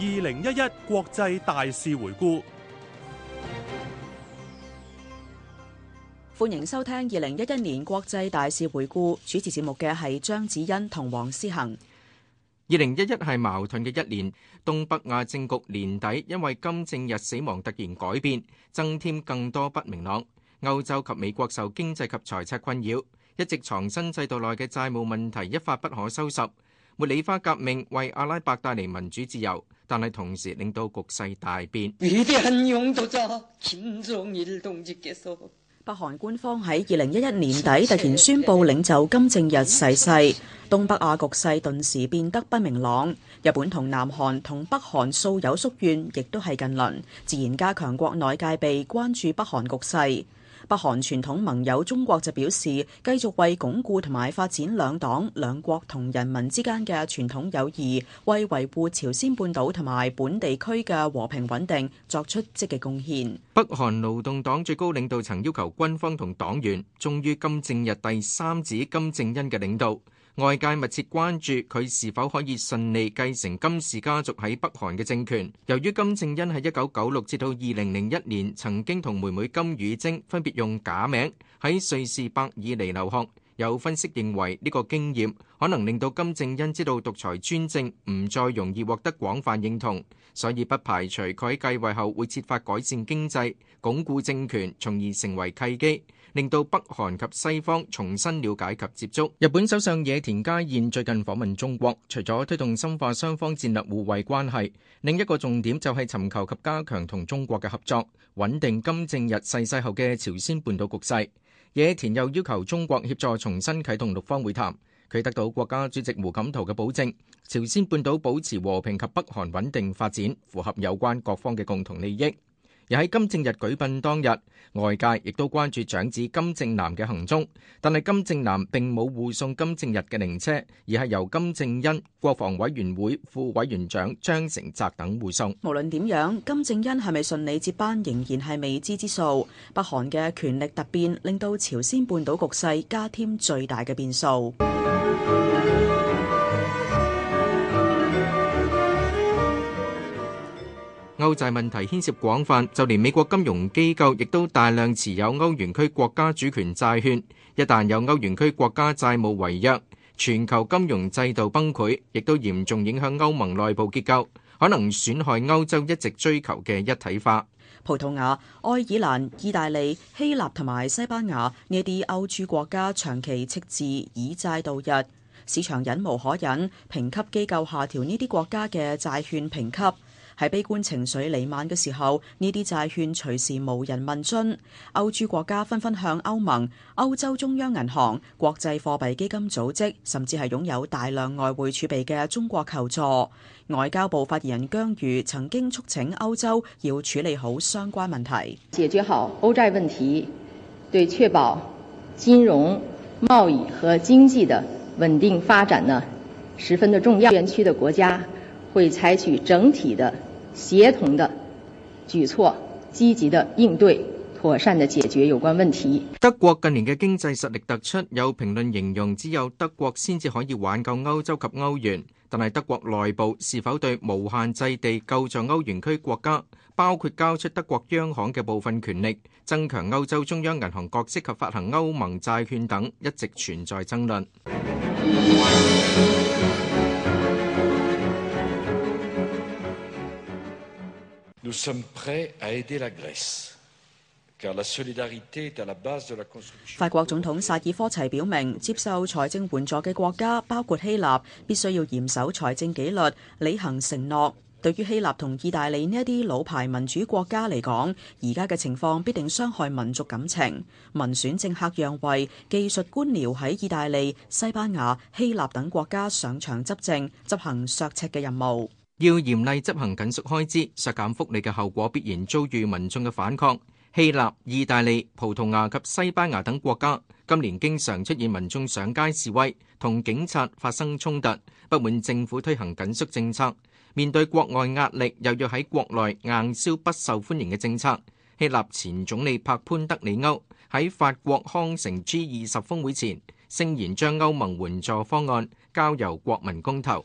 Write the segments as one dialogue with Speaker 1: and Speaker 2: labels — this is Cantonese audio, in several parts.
Speaker 1: 二零一一國際大事回顧，
Speaker 2: 歡迎收聽二零一一年國際大事回顧。主持節目
Speaker 1: 嘅係張子欣同黃思恆。二零一一係矛盾嘅一年，東北亞政局年底因為金正日死亡突然改變，增添更多不明朗。歐洲及美國受經濟及財策困擾，一直藏身制度內嘅債務問題一發不可收拾。茉莉花革命為阿拉伯帶嚟民主自由。但係同時令到局勢大變。
Speaker 2: 北韓官方喺二零一一年底突然宣布領袖金正日逝世，東北亞局勢頓時變得不明朗。日本同南韓同北韓素有宿怨，亦都係近鄰，自然加強國內戒備，關注北韓局勢。北韓傳統盟友中國就表示，繼續為鞏固同埋發展兩黨、兩國同人民之間嘅傳統友誼，為維護朝鮮半島
Speaker 1: 同埋本地區嘅和平穩定作出積極貢獻。北韓勞動黨最高領導層要求軍方同黨員忠於金正日第三子金正恩嘅領導。外界密切關注佢是否可以順利繼承金氏家族喺北韓嘅政權。由於金正恩喺一九九六至到二零零一年曾經同妹妹金與正分別用假名喺瑞士、伯爾尼留學，有分析認為呢個經驗可能令到金正恩知道獨裁專政唔再容易獲得廣泛認同，所以不排除佢喺繼位後會設法改善經濟、鞏固政權，從而成為契機。令到北韓及西方重新了解及接觸。日本首相野田佳彥最近訪問中國，除咗推動深化雙方戰略互惠關係，另一個重點就係尋求及加強同中國嘅合作，穩定金正日逝世後嘅朝鮮半島局勢。野田又要求中國協助重新啟動六方會談，佢得到國家主席胡錦濤嘅保證，朝鮮半島保持和平及北韓穩定發展，符合有關各方嘅共同利益。而喺金正日舉殯當日，外界亦都關注長子金正男嘅行蹤，但係金正男並冇護送金正日嘅靈車，而係由金正恩、國防委員會副委員長張成澤等護送。無論點樣，金正恩係咪順利接
Speaker 2: 班，仍然係未知之數。北韓嘅權力突變令到朝鮮半島局勢加添最大嘅變數。
Speaker 1: 歐債問題牽涉廣泛，就連美國金融機構亦都大量持有歐元區國家主權債券。一旦有歐元區國家債務違約，全球金融制度崩潰，亦都嚴重影響歐盟內部結構，可能損害歐洲一直追求嘅一體化。葡萄牙、
Speaker 2: 愛爾蘭、意大利、希臘同埋西班牙呢啲歐駐國家長期斥至以債度日，市場忍無可忍，評級機構下調呢啲國家嘅債券評級。喺悲觀情緒瀰漫嘅時候，呢啲債券隨時無人問津。歐洲國家紛紛向歐盟、歐洲中央銀行、國際貨幣基金組織，甚至係擁有大量外匯儲備嘅中國求助。外交部發言人姜瑜曾經促請歐洲要處理好相關問題，解決好歐債問題，對確保金融、貿易和經濟的穩定發展呢十分的重要。受援區的國家會採取整體的。協同的舉措，積極的應對，妥善的解決有關問題。
Speaker 1: 德國近年嘅經濟實力突出，有評論形容只有德國先至可以挽救歐洲及歐元。但係德國內部是否對無限制地救助歐元區國家，包括交出德國央行嘅部分權力，增強歐洲中央銀行角色及發行歐盟債券等，一直存在爭論。
Speaker 2: 法國總統薩爾科齊表明，接受財政援助嘅國家包括希臘，必須要嚴守財政紀律，履行承諾。對於希臘同意大利呢一啲老牌民主國家嚟講，而家嘅情況必定傷害民族感情。民選政客讓位，技術官僚喺意大利、西班
Speaker 1: 牙、希臘等國家上場執政，執行削赤嘅任務。要嚴厲執行緊縮開支、削減福利嘅後果，必然遭遇民眾嘅反抗。希臘、意大利、葡萄牙及西班牙等國家今年經常出現民眾上街示威，同警察發生衝突，不滿政府推行緊縮政策。面對國外壓力，又要喺國內硬銷不受歡迎嘅政策。希臘前總理帕潘德里歐喺法國康城 G 二十峰會前，聲言將歐盟援助方案交由國民公投。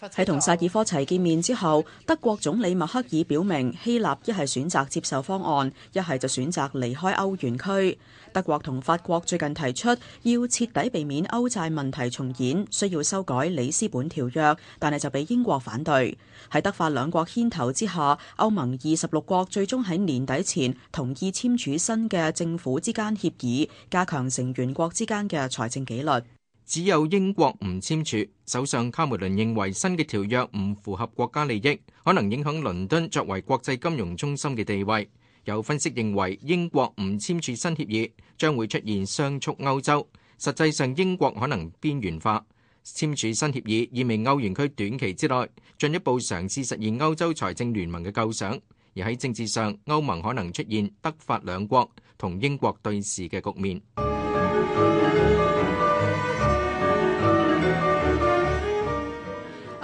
Speaker 1: 喺同薩爾科齊見面之後，德國總理
Speaker 2: 默克爾表明，希臘一係選擇接受方案，一係就選擇離開歐元區。德國同法國最近提出要徹底避免歐債問題重演，需要修改里斯本條約，但係就俾英國反對。喺德法兩國牽頭之下，歐盟二十六國最終喺年底前同意簽署新嘅政府
Speaker 1: 之間協議，加強成員國之間嘅財政紀律。只有英國唔簽署，首相卡梅倫認為新嘅條約唔符合國家利益，可能影響倫敦作為國際金融中心嘅地位。有分析認為英國唔簽署新協議，將會出現雙速歐洲，實際上英國可能邊緣化。簽署新協議意味歐元區短期之內進一步嘗試實現歐洲財政聯盟嘅構想。而喺政治上，歐盟可能出現德法兩國同英國對峙嘅局面。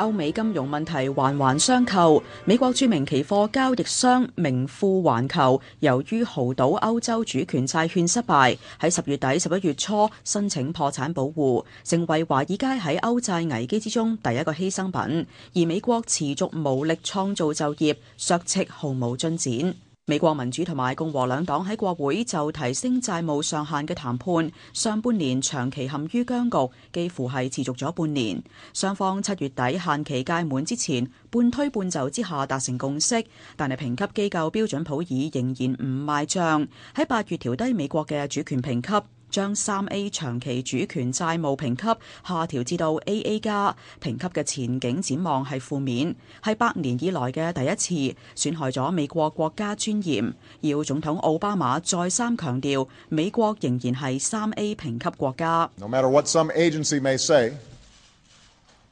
Speaker 2: 歐美金融問題環環相扣，美國著名期貨交易商名富環球，由於豪賭歐洲主權債券失敗，喺十月底十一月初申請破產保護，成為華爾街喺歐債危機之中第一個犧牲品。而美國持續無力創造就業，削赤毫無進展。美國民主同埋共和兩黨喺國會就提升債務上限嘅談判，上半年長期陷於僵局，幾乎係持續咗半年。雙方七月底限期屆滿之前，半推半就之下達成共識，但係評級機構標準普爾仍然唔賣賬，喺八月調低美國嘅主權評級。將三 A 長期主權債務評級下調至到 AA 加，評級嘅前景展望係負面，係百年以來嘅第一次，損害咗美國國家尊嚴。要總統奧巴馬再三強調，美國仍然係三 A 評級國家。
Speaker 1: No matter what some agency may say,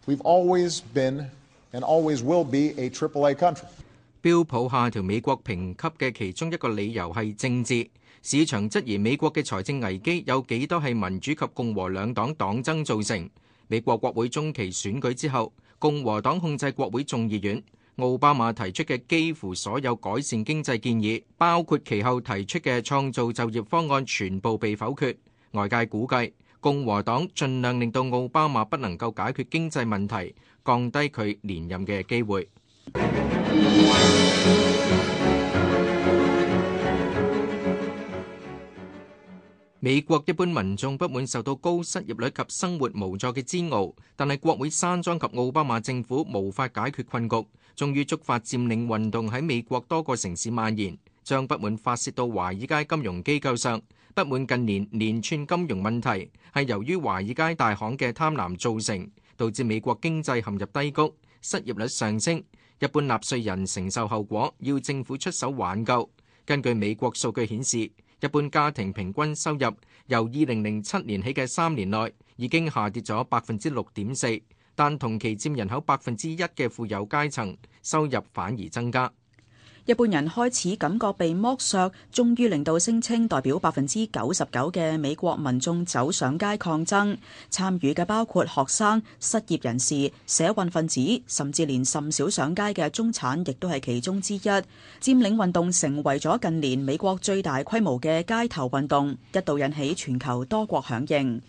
Speaker 1: we've always been and always will be a AAA country。標普下調美國評級嘅其中一個理由係政治。市場質疑美國嘅財政危機有幾多係民主及共和兩黨黨爭造成？美國國會中期選舉之後，共和黨控制國會眾議院，奧巴馬提出嘅幾乎所有改善經濟建議，包括其後提出嘅創造就業方案，全部被否決。外界估計，共和黨盡量令到奧巴馬不能夠解決經濟問題，降低佢連任嘅機會。美國一般民眾不滿受到高失業率及生活無助嘅煎熬，但係國會山莊及奧巴馬政府無法解決困局，終於觸發佔領運動喺美國多個城市蔓延，將不滿發洩到華爾街金融機構上。不滿近年連串金融問題，係由於華爾街大行嘅貪婪造成，導致美國經濟陷入低谷，失業率上升，一般納稅人承受後果，要政府出手挽救。根據美國數據顯示。一般家庭平均收入由二零零七年起嘅三年內，已經下跌咗百分之六點四，但同期佔人口百分之一嘅富有階層收入反而增加。
Speaker 2: 一般人開始感覺被剝削，終於令到聲稱代表百分之九十九嘅美國民眾走上街抗爭。參與嘅包括學生、失業人士、社運分子，甚至連甚少上街嘅中產亦都係其中之一。佔領運動成為咗近年美國最大規模嘅街頭運動，一度引起全球多國響應。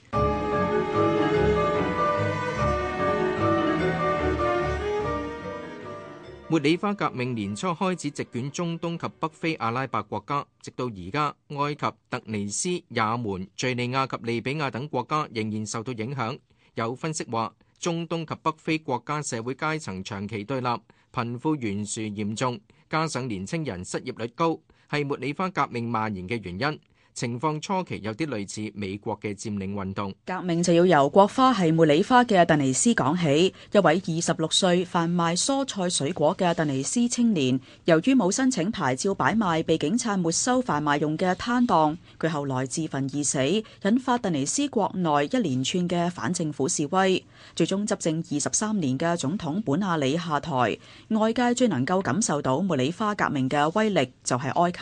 Speaker 1: 茉莉花革命年初開始席捲中東及北非阿拉伯國家，直到而家，埃及、突尼斯、也門、敘利亞及利比亞等國家仍然受到影響。有分析話，中東及北非國家社會階層長期對立、貧富懸殊嚴重，加上年青人失業率高，係茉莉花革命蔓延嘅原因。情況初期有啲類似美國嘅佔領運動，
Speaker 2: 革命就要由國花係茉莉花嘅突尼斯講起。一位二十六歲販賣蔬菜水果嘅突尼斯青年，由於冇申請牌照擺賣，被警察沒收販賣用嘅攤檔。佢後來自焚而死，引發突尼斯國內一連串嘅反政府示威，最終執政二十三年嘅總統本阿里下台。外界最能夠感受到茉莉花革命嘅威力，就係埃及。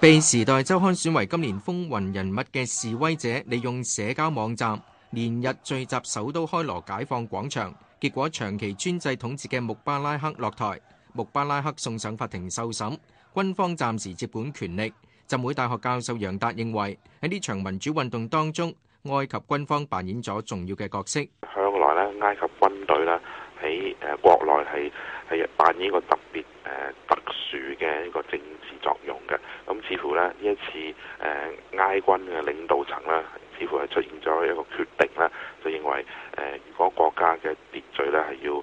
Speaker 1: 被《時代周刊》選為今年風雲人物嘅示威者，利用社交網站連日聚集首都開羅解放廣場，結果長期專制統治嘅穆巴拉克落台，穆巴拉克送上法庭受審，軍方暫時接管權力。浸會大學教授楊達認為喺呢場民主運動當中，埃及軍方扮演咗重要嘅角色。向來呢，埃及軍隊呢喺誒國內係。係啊，扮演一個特別誒、呃、特殊嘅一個政治作用嘅。咁、嗯、似乎咧呢一次誒、呃、埃軍嘅領導層咧，似乎係出現咗一個決定啦，就認為誒、呃、如果國家嘅秩序咧係要誒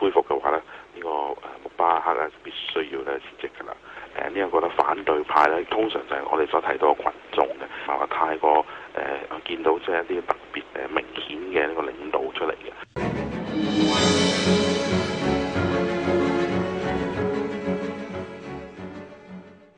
Speaker 1: 恢復嘅話咧，呢、這個誒穆巴拉克咧必須要咧辭職㗎啦。誒呢個覺得反對派咧，通常就係我哋所睇到嘅群眾嘅，唔係話太過誒、呃、見到即係一啲特別誒明顯嘅呢個領導出嚟嘅。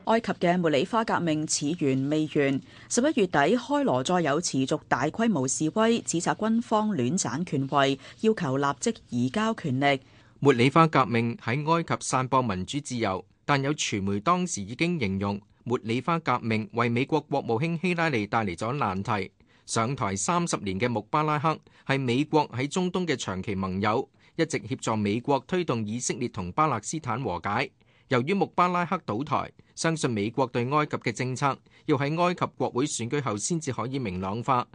Speaker 2: 埃及嘅茉莉花革命始源未完，十一月底開羅再有持續大規模示威，指責軍方戀
Speaker 1: 棧權位，要求立即移交權力。茉莉花革命喺埃及散播民主自由，但有傳媒當時已經形容茉莉花革命為美國國務卿希拉里帶嚟咗難題。上台三十年嘅穆巴拉克係美國喺中東嘅長期盟友，一直協助美國推動以色列同巴勒斯坦和解。由於穆巴拉克倒台，相信美國對埃及嘅政策要喺埃及國會選舉後先至可以明朗化。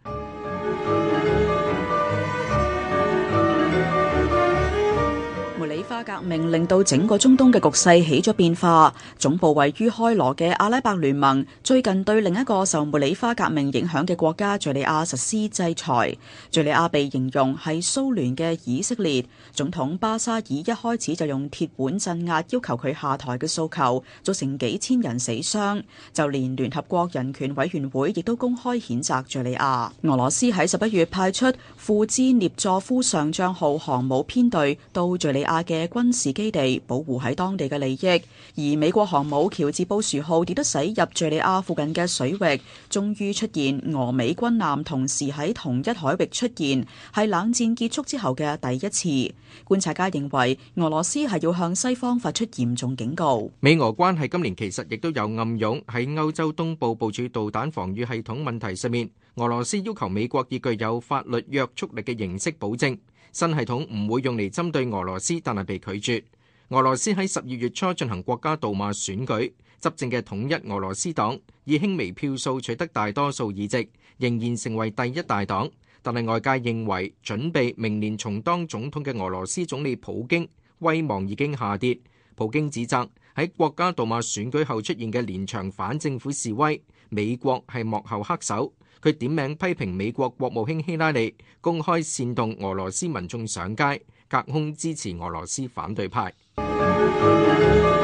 Speaker 2: 花革命令到整個中東嘅局勢起咗變化。總部位於開羅嘅阿拉伯聯盟最近對另一個受茉莉花革命影響嘅國家敘利亞實施制裁。敘利亞被形容係蘇聯嘅以色列總統巴沙爾一開始就用鐵腕鎮壓，要求佢下台嘅訴求，造成幾千人死傷。就連聯合國人權委員會亦都公開譴責敘利亞。俄羅斯喺十一月派出庫茲涅佐夫上將號航母編隊到敘利亞嘅軍事基地保護喺當地嘅利益，而美國航母喬治布殊號跌得駛入敘利亞附近嘅水域，終於出現俄美軍艦同時喺同一海域出現，係冷戰結束之後嘅第一次。觀察家認為，俄羅斯係要向西方發出
Speaker 1: 嚴重警告。美俄關係今年其實亦都有暗湧，喺歐洲東部部署導彈防禦系統問題上面，俄羅斯要求美國以具有法律約束力嘅形式保證。新系統唔會用嚟針對俄羅斯，但係被拒絕。俄羅斯喺十二月初進行國家杜馬選舉，執政嘅統一俄羅斯黨以輕微票數取得大多數議席，仍然成為第一大黨。但係外界認為準備明年重當總統嘅俄羅斯總理普京威望已經下跌。普京指責喺國家杜馬選舉後出現嘅連場反政府示威，美國係幕後黑手。佢點名批評美國國務卿希拉里，公開煽動俄羅斯民眾上街，隔空支持俄羅斯反對派。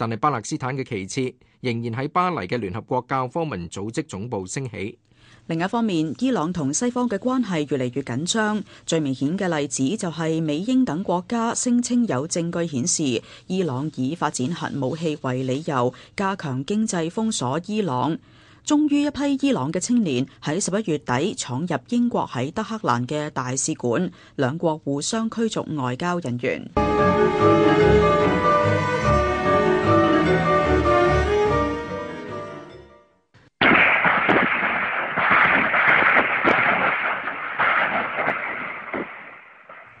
Speaker 1: 但係巴勒斯坦嘅旗幟仍然喺巴黎嘅聯合國教科文組織總部升起。另一方面，伊朗同西方嘅關係越嚟越緊張，最明顯嘅例
Speaker 2: 子就係美英等國家聲稱有證據顯示伊朗以發展核武器為理由加強經濟封鎖伊朗。終於一批伊朗嘅青年喺十一月底闖入英國喺德黑蘭嘅大使館，兩國互相驅逐外交人員。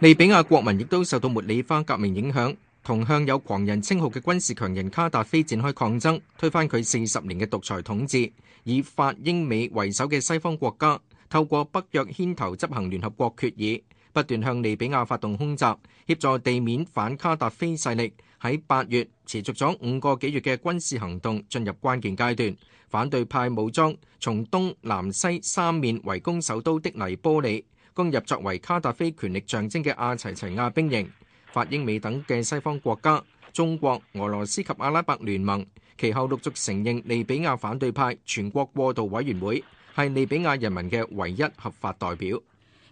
Speaker 1: 利比亞國民亦都受到茉莉花革命影響，同向有狂人稱號嘅軍事強人卡達菲展開抗爭，推翻佢四十年嘅獨裁統治。以法、英、美為首嘅西方國家，透過北約牽頭執行聯合國決議，不斷向利比亞發動空襲，協助地面反卡達菲勢力。喺八月持續咗五個幾月嘅軍事行動進入關鍵階段，反對派武裝從東、南、西三面圍攻首都的黎波里。攻入作為卡達菲權力象徵嘅阿齊齊亞兵營，法、英、美等嘅西方國家、中國、俄羅斯及阿拉伯聯盟，其後陸續承認利比亞反對派全國過渡委員會係利比亞人民嘅唯一合法代表。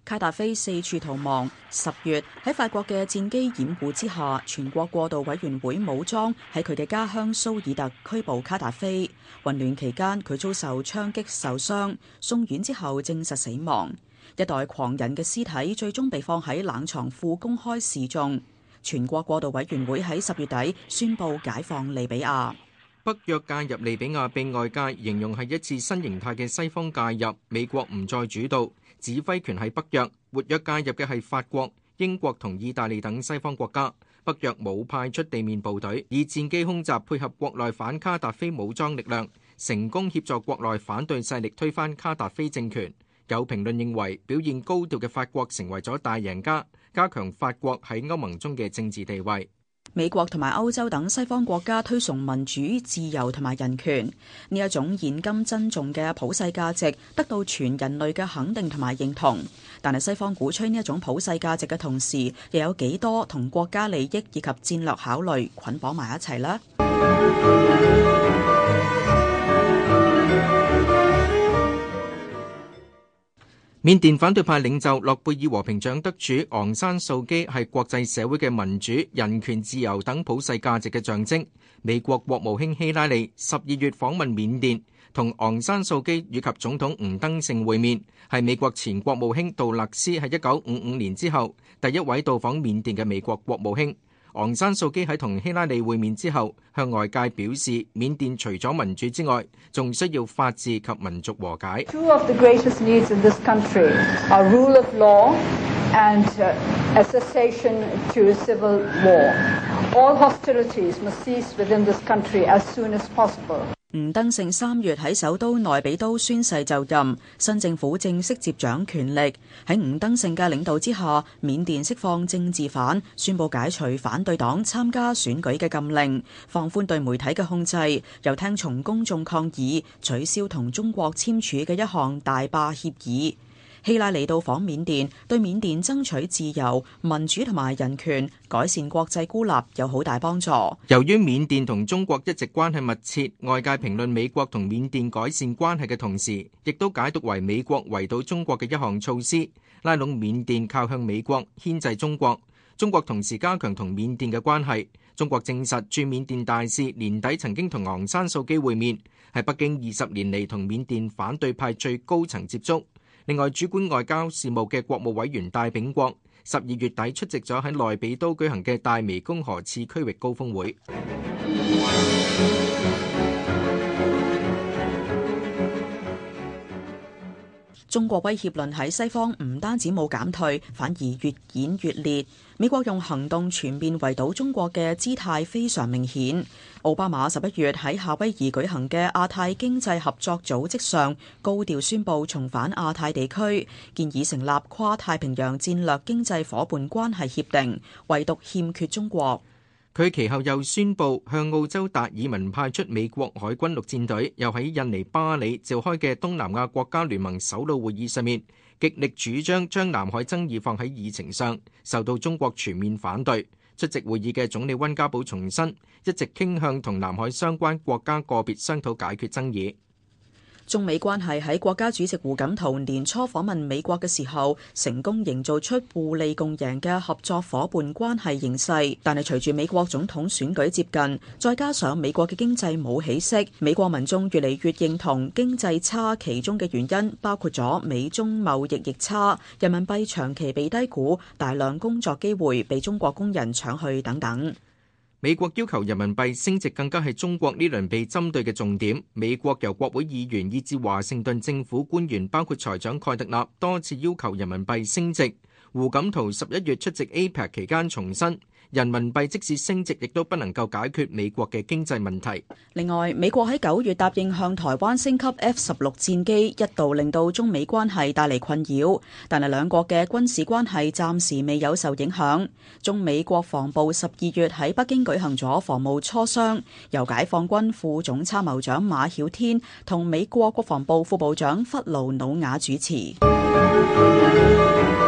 Speaker 1: 卡達菲四處逃亡，
Speaker 2: 十月喺法國嘅戰機掩護之下，全國過渡委員會武裝喺佢嘅家鄉蘇爾特拘捕卡達菲。混亂期間，佢遭受槍擊受傷，送院之後證實死亡。一代狂人嘅屍體最終被放喺冷藏庫公開示眾，全國過渡委員會喺十月底宣布解放
Speaker 1: 利比亞。北約介入利比亞被外界形容係一次新形態嘅西方介入，美國唔再主導，指揮權喺北約。活躍介入嘅係法國、英國同意大利等西方國家。北約冇派出地面部隊，以戰機空襲配合國內反卡達菲武裝力量，成功協助國內反對勢力推翻卡達菲政權。有評論認為，表現高調嘅法國成為咗大贏家，加強法國喺歐盟中嘅政治地位。
Speaker 2: 美國同埋歐洲等西方國家推崇民主、自由同埋人權，呢一種現今珍重嘅普世價值，得到全人類嘅肯定同埋認同。但係西方鼓吹呢一種普世價值嘅同時，又有幾多同國家利益以及戰略考慮捆綁埋一齊呢？
Speaker 1: 緬甸反對派領袖、諾貝爾和平獎得主昂山素基係國際社會嘅民主、人權、自由等普世價值嘅象徵。美國國務卿希拉里十二月訪問緬甸，同昂山素基以及總統吳登盛會面，係美國前國務卿杜勒斯喺一九五五年之後第一位到訪緬甸嘅美國國務卿。昂山素姬喺同希拉里會面之後，向外界表示緬甸除咗民主之外，仲需要法治及民族和
Speaker 2: 解。吳登盛三月喺首都內比都宣誓就任，新政府正式接掌權力。喺吳登盛嘅領導之下，緬甸釋放政治犯，宣布解除反對黨參加選舉嘅禁令，放寬對媒體嘅控制，又聽從公眾抗議，取消同中國簽署嘅一項大壩協議。希拉里到訪緬甸，對緬甸爭取自由、民主同埋人權改善國際孤立有好大幫助。
Speaker 1: 由於緬甸同中國一直關係密切，外界評論美國同緬甸改善關係嘅同時，亦都解讀為美國圍堵中國嘅一項措施，拉攏緬甸靠向美國牽制中國。中國同時加強同緬甸嘅關係。中國證實駐緬甸大使年底曾經同昂山素基會面，係北京二十年嚟同緬甸反對派最高層接觸。另外，主管外交事務嘅國務委員戴秉國十二月底出席咗喺內比都舉行嘅大湄公河次區域高峰會。
Speaker 2: 中國威脅論喺西方唔單止冇減退，反而越演越烈。美國用行動全面圍堵中國嘅姿態非常明顯。奧巴馬十一月喺夏威夷舉行嘅亞太經濟合作組織上，高調宣布重返亞太地區，建議成立跨太平洋戰略經濟夥伴
Speaker 1: 關係協定，唯獨欠缺中國。佢其後又宣布向澳洲達爾文派出美國海軍陸戰隊，又喺印尼巴里召開嘅東南亞國家聯盟首腦會議上面，極力主張將南海爭議放喺議程上，受到中國全面反對。出席會議嘅總理溫家寶重申，一直傾向同南海相關國家個別商討解決爭議。
Speaker 2: 中美關係喺國家主席胡錦濤年初訪問美國嘅時候，成功營造出互利共贏嘅合作夥伴關係形勢。但係隨住美國總統選舉接近，再加上美國嘅經濟冇起色，美國民眾越嚟越認同經濟差其中嘅原因包括咗美中貿易逆差、人民幣長期被低估、大量工
Speaker 1: 作機會被中國工人搶去等等。美國要求人民幣升值，更加係中國呢輪被針對嘅重點。美國由國會議員以至華盛頓政府官員，包括財長蓋特納，多次要求人民幣升值。胡錦濤十一月出席 APEC 期間重申。人民幣即使升值，亦都不能夠解決美國嘅經濟問題。
Speaker 2: 另外，美國喺九月答應向台灣升級 F 十六戰機，一度令到中美關係帶嚟困擾，但係兩國嘅軍事關係暫時未有受影響。中美國防部十二月喺北京舉行咗防務磋商，由解放軍副總參謀長馬曉天同美國國防部副部長弗勞努瓦主持。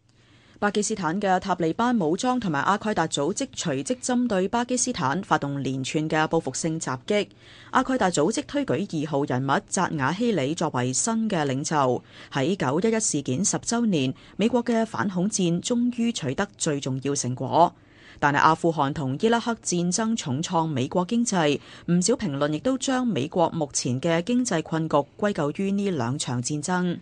Speaker 2: 巴基斯坦嘅塔利班武裝同埋阿奎達組織隨即針對巴基斯坦發動連串嘅報復性襲擊，阿奎達組織推舉二號人物扎瓦希里作為新嘅領袖。喺九一一事件十周年，美國嘅反恐戰終於取得最重要成果。但係阿富汗同伊拉克戰爭重創美國經濟，唔少評論亦都將美國目前
Speaker 1: 嘅經濟困局歸咎於呢兩場戰爭。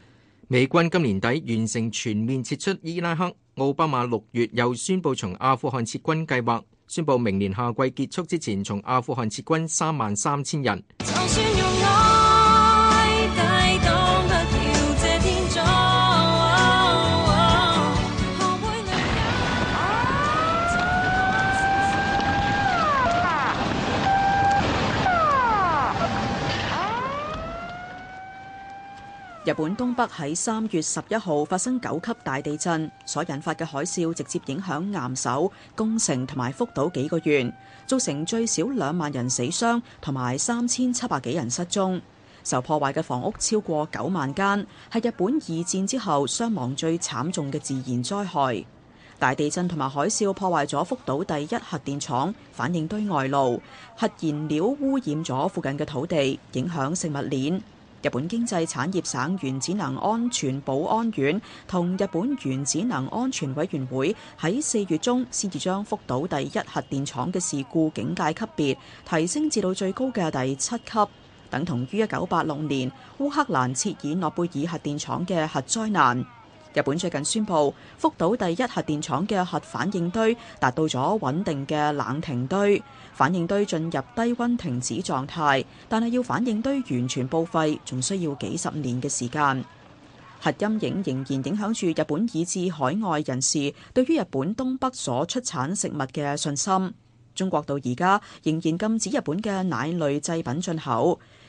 Speaker 1: 美軍今年底完成全面撤出伊拉克。奧巴馬六月又宣布從阿富汗撤軍計劃，宣布明年夏季結束之前從阿富汗撤軍三萬三千人。
Speaker 2: 日本東北喺三月十一號發生九級大地震，所引發嘅海嘯直接影響岩手、宮城同埋福島幾個縣，造成最少兩萬人死傷同埋三千七百幾人失蹤。受破壞嘅房屋超過九萬間，係日本二戰之後傷亡最慘重嘅自然災害。大地震同埋海嘯破壞咗福島第一核電廠反應堆外露，核燃料污染咗附近嘅土地，影響食物鏈。日本經濟產業省原子能安全保安院同日本原子能安全委員會喺四月中先至將福島第一核電廠嘅事故警戒級別提升至到最高嘅第七級，等同於一九八六年烏克蘭切爾諾貝爾核電廠嘅核災難。日本最近宣布，福島第一核電廠嘅核反應堆達到咗穩定嘅冷停堆。反應堆進入低溫停止狀態，但係要反應堆完全報廢，仲需要幾十年嘅時間。核陰影仍然影響住日本以至海外人士對於日本東北所出產食物嘅信心。中國到而家仍然禁止日本嘅奶類製品進口。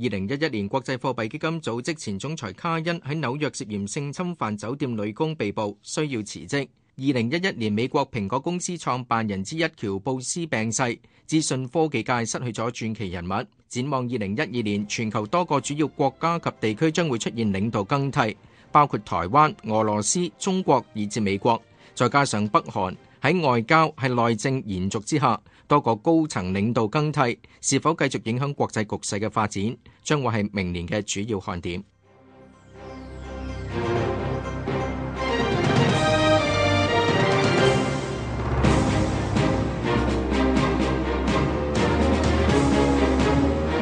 Speaker 1: 二零一一年，國際貨幣基金組織前總裁卡恩喺紐約涉嫌性侵犯酒店女工被捕，需要辭職。二零一一年，美國蘋果公司創辦人之一喬布斯病逝，資訊科技界失去咗傳奇人物。展望二零一二年，全球多個主要國家及地區將會出現領導更替，包括台灣、俄羅斯、中國以至美國，再加上北韓喺外交喺內政延續之下。多個高層領導更替是否繼續影響國際局勢嘅發展，將會係明年嘅主要看點。